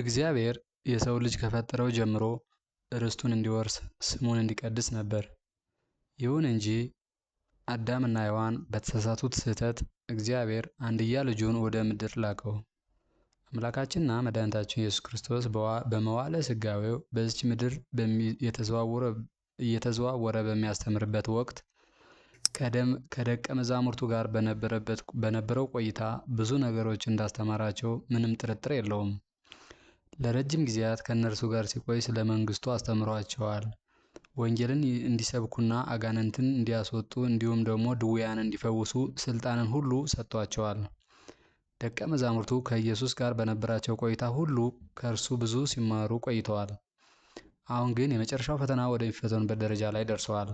እግዚአብሔር የሰው ልጅ ከፈጠረው ጀምሮ ርስቱን እንዲወርስ ስሙን እንዲቀድስ ነበር። ይሁን እንጂ አዳምና ሔዋን በተሳሳቱት ስህተት እግዚአብሔር አንድያ ልጁን ወደ ምድር ላከው። አምላካችንና መድኃኒታችን ኢየሱስ ክርስቶስ በመዋዕለ ሥጋዌው በዚች ምድር እየተዘዋወረ በሚያስተምርበት ወቅት ከደቀ መዛሙርቱ ጋር በነበረው ቆይታ ብዙ ነገሮች እንዳስተማራቸው ምንም ጥርጥር የለውም። ለረጅም ጊዜያት ከእነርሱ ጋር ሲቆይ ስለ መንግስቱ አስተምሯቸዋል። ወንጌልን እንዲሰብኩና አጋንንትን እንዲያስወጡ እንዲሁም ደግሞ ድውያን እንዲፈውሱ ስልጣንን ሁሉ ሰጥቷቸዋል። ደቀ መዛሙርቱ ከኢየሱስ ጋር በነበራቸው ቆይታ ሁሉ ከእርሱ ብዙ ሲማሩ ቆይተዋል። አሁን ግን የመጨረሻው ፈተና ወደሚፈተኑበት ደረጃ ላይ ደርሰዋል።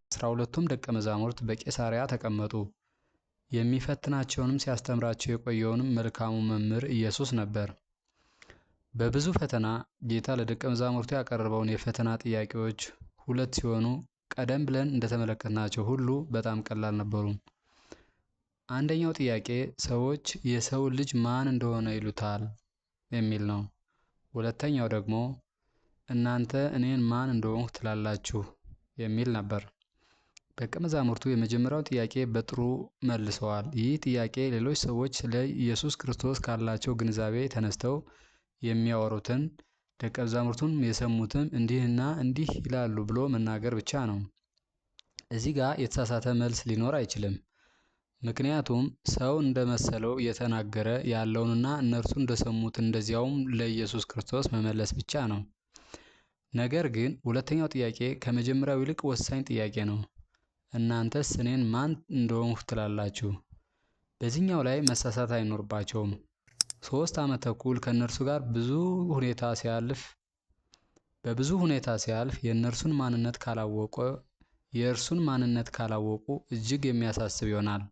አስራ ሁለቱም ደቀ መዛሙርት በቄሳሪያ ተቀመጡ። የሚፈትናቸውንም ሲያስተምራቸው የቆየውንም መልካሙ መምህር ኢየሱስ ነበር። በብዙ ፈተና ጌታ ለደቀ መዛሙርቱ ያቀረበውን የፈተና ጥያቄዎች ሁለት ሲሆኑ ቀደም ብለን እንደተመለከትናቸው ሁሉ በጣም ቀላል ነበሩ። አንደኛው ጥያቄ ሰዎች የሰውን ልጅ ማን እንደሆነ ይሉታል የሚል ነው። ሁለተኛው ደግሞ እናንተ እኔን ማን እንደሆንሁ ትላላችሁ የሚል ነበር። ደቀ መዛሙርቱ የመጀመሪያውን ጥያቄ በጥሩ መልሰዋል። ይህ ጥያቄ ሌሎች ሰዎች ስለ ኢየሱስ ክርስቶስ ካላቸው ግንዛቤ ተነስተው የሚያወሩትን ደቀ መዛሙርቱም የሰሙትን እንዲህና እንዲህ ይላሉ ብሎ መናገር ብቻ ነው። እዚህ ጋር የተሳሳተ መልስ ሊኖር አይችልም። ምክንያቱም ሰው እንደመሰለው እየተናገረ ያለውንና እነርሱ እንደሰሙት እንደዚያውም ለኢየሱስ ክርስቶስ መመለስ ብቻ ነው። ነገር ግን ሁለተኛው ጥያቄ ከመጀመሪያው ይልቅ ወሳኝ ጥያቄ ነው። እናንተስ እኔን ማን እንደሆንሁ ትላላችሁ? በዚህኛው ላይ መሳሳት አይኖርባቸውም። ሶስት ዓመት ተኩል ከእነርሱ ጋር ብዙ ሁኔታ ሲያልፍ በብዙ ሁኔታ ሲያልፍ የእነርሱን ማንነት ካላወቀ የእርሱን ማንነት ካላወቁ እጅግ የሚያሳስብ ይሆናል።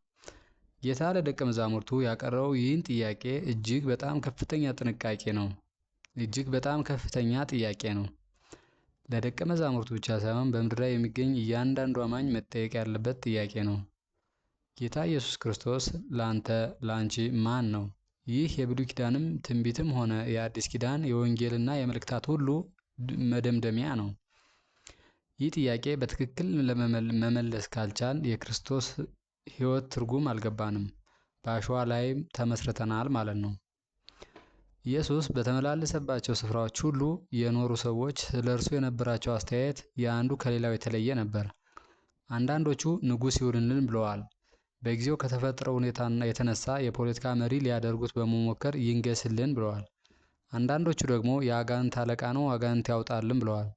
ጌታ ለደቀ መዛሙርቱ ያቀረበው ይህን ጥያቄ እጅግ በጣም ከፍተኛ ጥንቃቄ ነው። እጅግ በጣም ከፍተኛ ጥያቄ ነው። ለደቀ መዛሙርቱ ብቻ ሳይሆን በምድር ላይ የሚገኝ እያንዳንዱ አማኝ መጠየቅ ያለበት ጥያቄ ነው። ጌታ ኢየሱስ ክርስቶስ ላንተ ላንቺ ማን ነው? ይህ የብሉይ ኪዳንም ትንቢትም ሆነ የአዲስ ኪዳን የወንጌልና የመልእክታት ሁሉ መደምደሚያ ነው። ይህ ጥያቄ በትክክል መመለስ ካልቻል የክርስቶስ ህይወት ትርጉም አልገባንም በአሸዋ ላይም ተመስርተናል ማለት ነው። ኢየሱስ በተመላለሰባቸው ስፍራዎች ሁሉ የኖሩ ሰዎች ስለ እርሱ የነበራቸው አስተያየት የአንዱ ከሌላው የተለየ ነበር። አንዳንዶቹ ንጉሥ ይሁንልን ብለዋል በጊዜው ከተፈጠረ ሁኔታና የተነሳ የፖለቲካ መሪ ሊያደርጉት በመሞከር ይንገስልን ብለዋል። አንዳንዶቹ ደግሞ የአጋንንት አለቃ ነው አጋንንት ያውጣልን ብለዋል።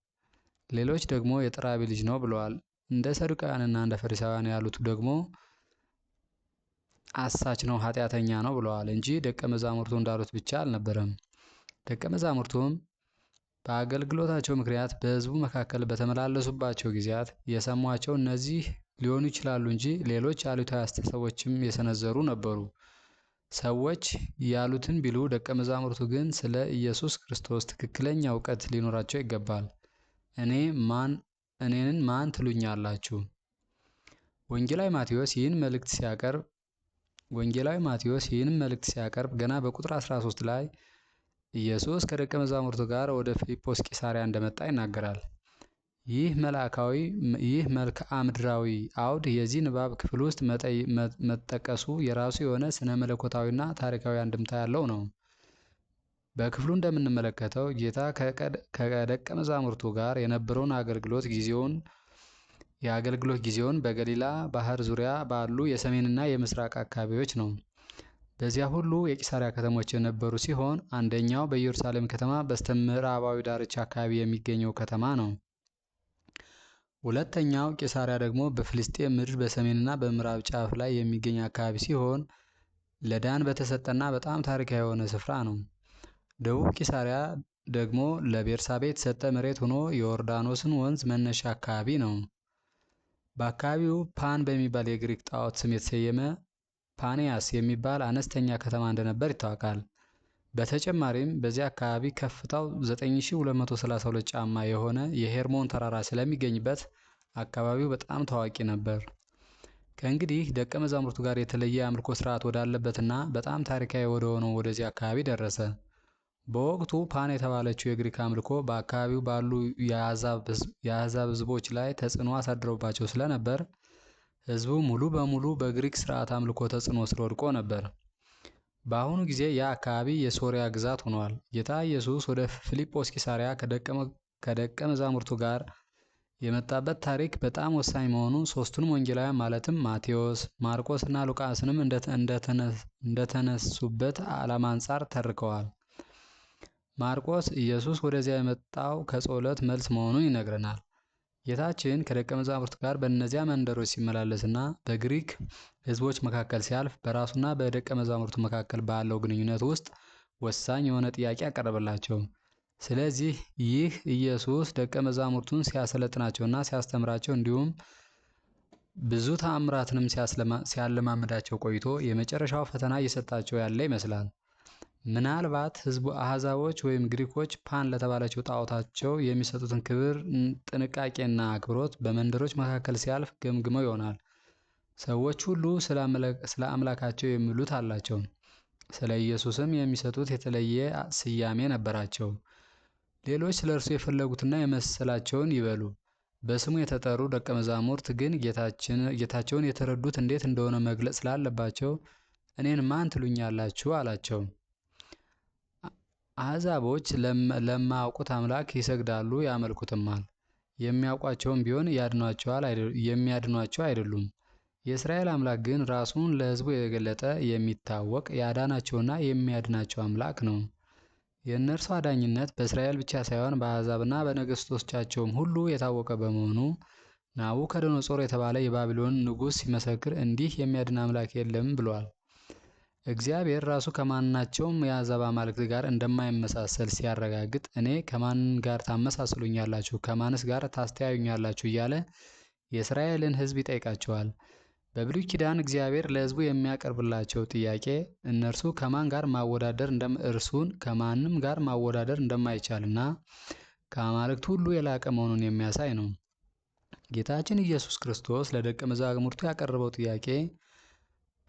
ሌሎች ደግሞ የጠራቢ ልጅ ነው ብለዋል። እንደ ሰዱቃውያንና እንደ ፈሪሳውያን ያሉት ደግሞ አሳች ነው ኃጢአተኛ ነው ብለዋል እንጂ ደቀ መዛሙርቱ እንዳሉት ብቻ አልነበረም። ደቀ መዛሙርቱም በአገልግሎታቸው ምክንያት በሕዝቡ መካከል በተመላለሱባቸው ጊዜያት የሰሟቸው እነዚህ ሊሆኑ ይችላሉ እንጂ ሌሎች አሉታዊ አስተሳሰቦችም የሰነዘሩ ነበሩ። ሰዎች ያሉትን ቢሉ ደቀ መዛሙርቱ ግን ስለ ኢየሱስ ክርስቶስ ትክክለኛ እውቀት ሊኖራቸው ይገባል። እኔ ማን እኔን ማን ትሉኛላችሁ? ወንጌላዊ ማቴዎስ ይህን መልእክት ሲያቀርብ ወንጌላዊ ማቴዎስ ይህን መልእክት ሲያቀርብ ገና በቁጥር 13 ላይ ኢየሱስ ከደቀ መዛሙርቱ ጋር ወደ ፊልጶስ ቂሳርያ እንደመጣ ይናገራል። ይህ መልአካዊ ይህ መልክዓ ምድራዊ አውድ የዚህ ንባብ ክፍል ውስጥ መጠቀሱ የራሱ የሆነ ስነ መለኮታዊና ታሪካዊ አንድምታ ያለው ነው። በክፍሉ እንደምንመለከተው ጌታ ከደቀ መዛሙርቱ ጋር የነበረውን አገልግሎት ጊዜውን የአገልግሎት ጊዜውን በገሊላ ባህር ዙሪያ ባሉ የሰሜንና የምስራቅ አካባቢዎች ነው። በዚያ ሁሉ የቂሳሪያ ከተሞች የነበሩ ሲሆን አንደኛው በኢየሩሳሌም ከተማ በስተምዕራባዊ ዳርቻ አካባቢ የሚገኘው ከተማ ነው። ሁለተኛው ቂሳሪያ ደግሞ በፍልስጤም ምድር በሰሜንና በምዕራብ ጫፍ ላይ የሚገኝ አካባቢ ሲሆን ለዳን በተሰጠና በጣም ታሪካዊ የሆነ ስፍራ ነው። ደቡብ ቂሳሪያ ደግሞ ለቤርሳቤ የተሰጠ መሬት ሆኖ የዮርዳኖስን ወንዝ መነሻ አካባቢ ነው። በአካባቢው ፓን በሚባል የግሪክ ጣዖት ስም የተሰየመ ፓንያስ የሚባል አነስተኛ ከተማ እንደነበር ይታወቃል። በተጨማሪም በዚህ አካባቢ ከፍታው 9232 ጫማ የሆነ የሄርሞን ተራራ ስለሚገኝበት አካባቢው በጣም ታዋቂ ነበር። ከእንግዲህ ደቀ መዛሙርቱ ጋር የተለየ አምልኮ ስርዓት ወዳለበትና በጣም ታሪካዊ ሆነው ወደዚህ አካባቢ ደረሰ። በወቅቱ ፓን የተባለችው የግሪክ አምልኮ በአካባቢው ባሉ የአሕዛብ ህዝቦች ላይ ተጽዕኖ አሳድሮባቸው ስለነበር ህዝቡ ሙሉ በሙሉ በግሪክ ስርዓት አምልኮ ተጽዕኖ ስር ወድቆ ነበር። በአሁኑ ጊዜ ያ አካባቢ የሶርያ ግዛት ሆኗል። ጌታ ኢየሱስ ወደ ፊልጶስ ቂሳርያ ከደቀ መዛሙርቱ ጋር የመጣበት ታሪክ በጣም ወሳኝ መሆኑ ሦስቱንም ወንጌላውያን ማለትም ማቴዎስ፣ ማርቆስ እና ሉቃስንም እንደተነሱበት ዓላማ አንጻር ተርከዋል። ማርቆስ ኢየሱስ ወደዚያ የመጣው ከጸሎት መልስ መሆኑን ይነግረናል። ጌታችን ከደቀ መዛሙርት ጋር በእነዚያ መንደሮች ሲመላለስና በግሪክ ሕዝቦች መካከል ሲያልፍ በራሱና በደቀ መዛሙርቱ መካከል ባለው ግንኙነት ውስጥ ወሳኝ የሆነ ጥያቄ አቀረበላቸው። ስለዚህ ይህ ኢየሱስ ደቀ መዛሙርቱን ሲያሰለጥናቸውና ሲያስተምራቸው እንዲሁም ብዙ ተአምራትንም ሲያለማመዳቸው ቆይቶ የመጨረሻው ፈተና እየሰጣቸው ያለ ይመስላል። ምናልባት ህዝቡ አህዛቦች ወይም ግሪኮች ፓን ለተባለችው ጣዖታቸው የሚሰጡትን ክብር፣ ጥንቃቄና አክብሮት በመንደሮች መካከል ሲያልፍ ገምግመው ይሆናል። ሰዎች ሁሉ ስለ አምላካቸው የሚሉት አላቸው። ስለ ኢየሱስም የሚሰጡት የተለየ ስያሜ ነበራቸው። ሌሎች ለእርሱ የፈለጉትና የመሰላቸውን ይበሉ። በስሙ የተጠሩ ደቀ መዛሙርት ግን ጌታቸውን የተረዱት እንዴት እንደሆነ መግለጽ ስላለባቸው እኔን ማን ትሉኛላችሁ አላቸው። አሕዛቦች ለማያውቁት አምላክ ይሰግዳሉ ያመልኩትማል። የሚያውቋቸውም ቢሆን የሚያድኗቸው አይደሉም። የእስራኤል አምላክ ግን ራሱን ለሕዝቡ የገለጠ የሚታወቅ ያዳናቸውና የሚያድናቸው አምላክ ነው። የእነርሱ አዳኝነት በእስራኤል ብቻ ሳይሆን በአሕዛብና በነገሥቶቻቸውም ሁሉ የታወቀ በመሆኑ ናቡከደነፆር የተባለ የባቢሎን ንጉሥ ሲመሰክር እንዲህ የሚያድን አምላክ የለም ብሏል። እግዚአብሔር ራሱ ከማናቸውም የአሕዛብ አማልክት ጋር እንደማይመሳሰል ሲያረጋግጥ እኔ ከማን ጋር ታመሳስሉኛላችሁ? ከማንስ ጋር ታስተያዩኛላችሁ? እያለ የእስራኤልን ሕዝብ ይጠይቃቸዋል። በብሉይ ኪዳን እግዚአብሔር ለሕዝቡ የሚያቀርብላቸው ጥያቄ እነርሱ ከማን ጋር ማወዳደር እንደም እርሱን ከማንም ጋር ማወዳደር እንደማይቻልና ከአማልክት ሁሉ የላቀ መሆኑን የሚያሳይ ነው። ጌታችን ኢየሱስ ክርስቶስ ለደቀ መዛሙርቱ ያቀረበው ጥያቄ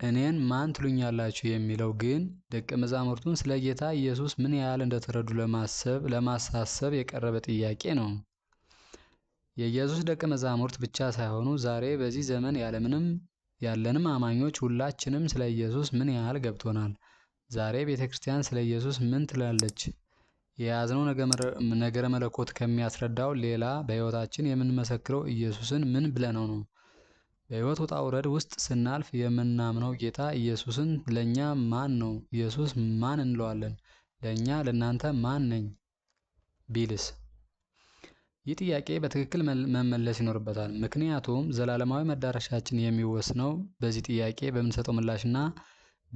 እኔን ማን ትሉኛላችሁ የሚለው ግን ደቀ መዛሙርቱን ስለ ጌታ ኢየሱስ ምን ያህል እንደተረዱ ለማሰብ ለማሳሰብ የቀረበ ጥያቄ ነው። የኢየሱስ ደቀ መዛሙርት ብቻ ሳይሆኑ ዛሬ በዚህ ዘመን ያለምንም ያለንም አማኞች ሁላችንም ስለ ኢየሱስ ምን ያህል ገብቶናል? ዛሬ ቤተክርስቲያን ስለ ኢየሱስ ምን ትላለች? የያዝነው ነገረ መለኮት ከሚያስረዳው ሌላ በህይወታችን የምንመሰክረው ኢየሱስን ምን ብለነው ነው? በሕይወት ውጣ ውረድ ውስጥ ስናልፍ የምናምነው ጌታ ኢየሱስን ለእኛ ማን ነው ኢየሱስ ማን እንለዋለን? ለእኛ ለእናንተ ማን ነኝ? ቢልስ ይህ ጥያቄ በትክክል መመለስ ይኖርበታል ምክንያቱም ዘላለማዊ መዳረሻችን የሚወስነው በዚህ ጥያቄ በምንሰጠው ምላሽና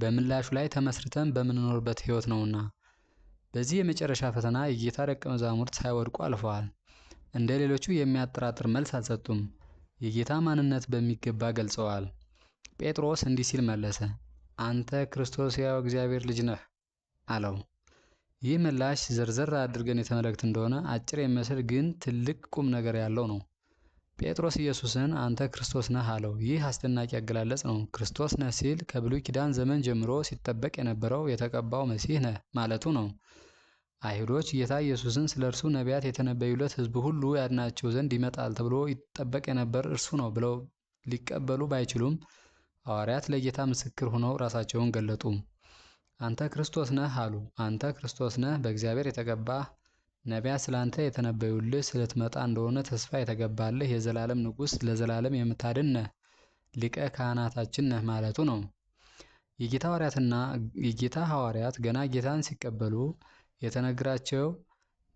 በምላሹ ላይ ተመስርተን በምንኖርበት ህይወት ነውና። በዚህ የመጨረሻ ፈተና የጌታ ደቀ መዛሙርት ሳይወድቁ አልፈዋል። እንደ ሌሎቹ የሚያጠራጥር መልስ አልሰጡም። የጌታ ማንነት በሚገባ ገልጸዋል። ጴጥሮስ እንዲህ ሲል መለሰ አንተ ክርስቶስ ያው እግዚአብሔር ልጅ ነህ አለው ይህ ምላሽ ዘርዘር አድርገን የተመለክት እንደሆነ አጭር የሚመስል ግን ትልቅ ቁም ነገር ያለው ነው። ጴጥሮስ ኢየሱስን አንተ ክርስቶስ ነህ አለው። ይህ አስደናቂ አገላለጽ ነው። ክርስቶስ ነህ ሲል ከብሉይ ኪዳን ዘመን ጀምሮ ሲጠበቅ የነበረው የተቀባው መሲህ ነህ ማለቱ ነው። አይሁዶች ጌታ ኢየሱስን ስለ እርሱ ነቢያት የተነበዩለት ሕዝብ ሁሉ ያድናቸው ዘንድ ይመጣል ተብሎ ይጠበቅ የነበር እርሱ ነው ብለው ሊቀበሉ ባይችሉም ሐዋርያት ለጌታ ምስክር ሆነው ራሳቸውን ገለጡ። አንተ ክርስቶስ ነህ አሉ። አንተ ክርስቶስ ነህ በእግዚአብሔር የተገባ ነቢያ ስለ አንተ የተነበዩልህ ስለትመጣ እንደሆነ ተስፋ የተገባልህ የዘላለም ንጉሥ ለዘላለም የምታድን ነህ ሊቀ ካህናታችን ነህ ማለቱ ነው። የጌታ ሐዋርያትና የጌታ ሐዋርያት ገና ጌታን ሲቀበሉ የተነግራቸው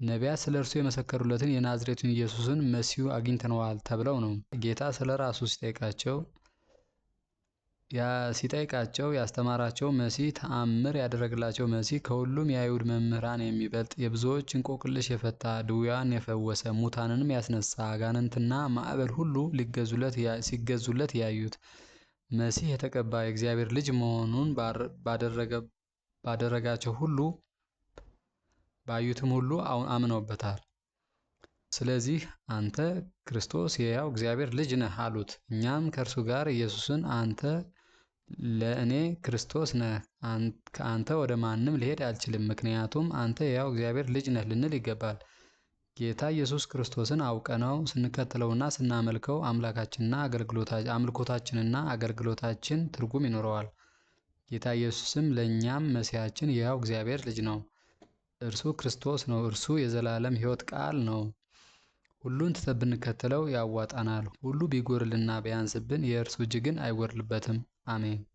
ነቢያት ስለ እርሱ የመሰከሩለትን የናዝሬቱን ኢየሱስን መሲሁ አግኝተነዋል ተብለው ነው። ጌታ ስለ ራሱ ሲጠይቃቸው ሲጠይቃቸው ያስተማራቸው መሲህ ተአምር ያደረግላቸው መሲህ ከሁሉም የአይሁድ መምህራን የሚበልጥ የብዙዎች እንቆቅልሽ የፈታ ድውያን የፈወሰ ሙታንንም ያስነሳ አጋንንትና ማዕበል ሁሉ ሲገዙለት ያዩት መሲህ የተቀባ የእግዚአብሔር ልጅ መሆኑን ባደረጋቸው ሁሉ ባዩትም ሁሉ አምነውበታል። ስለዚህ አንተ ክርስቶስ የሕያው እግዚአብሔር ልጅ ነህ አሉት። እኛም ከእርሱ ጋር ኢየሱስን አንተ ለእኔ ክርስቶስ ነህ ከአንተ ወደ ማንም ልሄድ አልችልም ምክንያቱም አንተ የያው እግዚአብሔር ልጅ ነህ ልንል ይገባል። ጌታ ኢየሱስ ክርስቶስን አውቀነው ስንከተለውና ስናመልከው አምላካችንና አገልግሎታችን አምልኮታችንና አገልግሎታችን ትርጉም ይኖረዋል። ጌታ ኢየሱስም ለእኛም መሲያችን የያው እግዚአብሔር ልጅ ነው። እርሱ ክርስቶስ ነው እርሱ የዘላለም ህይወት ቃል ነው። ሁሉን ትተብንከተለው ብንከተለው ያዋጣናል ሁሉ ቢጎርልና ቢያንስብን የእርሱ እጅ ግን አይጎድልበትም Amen.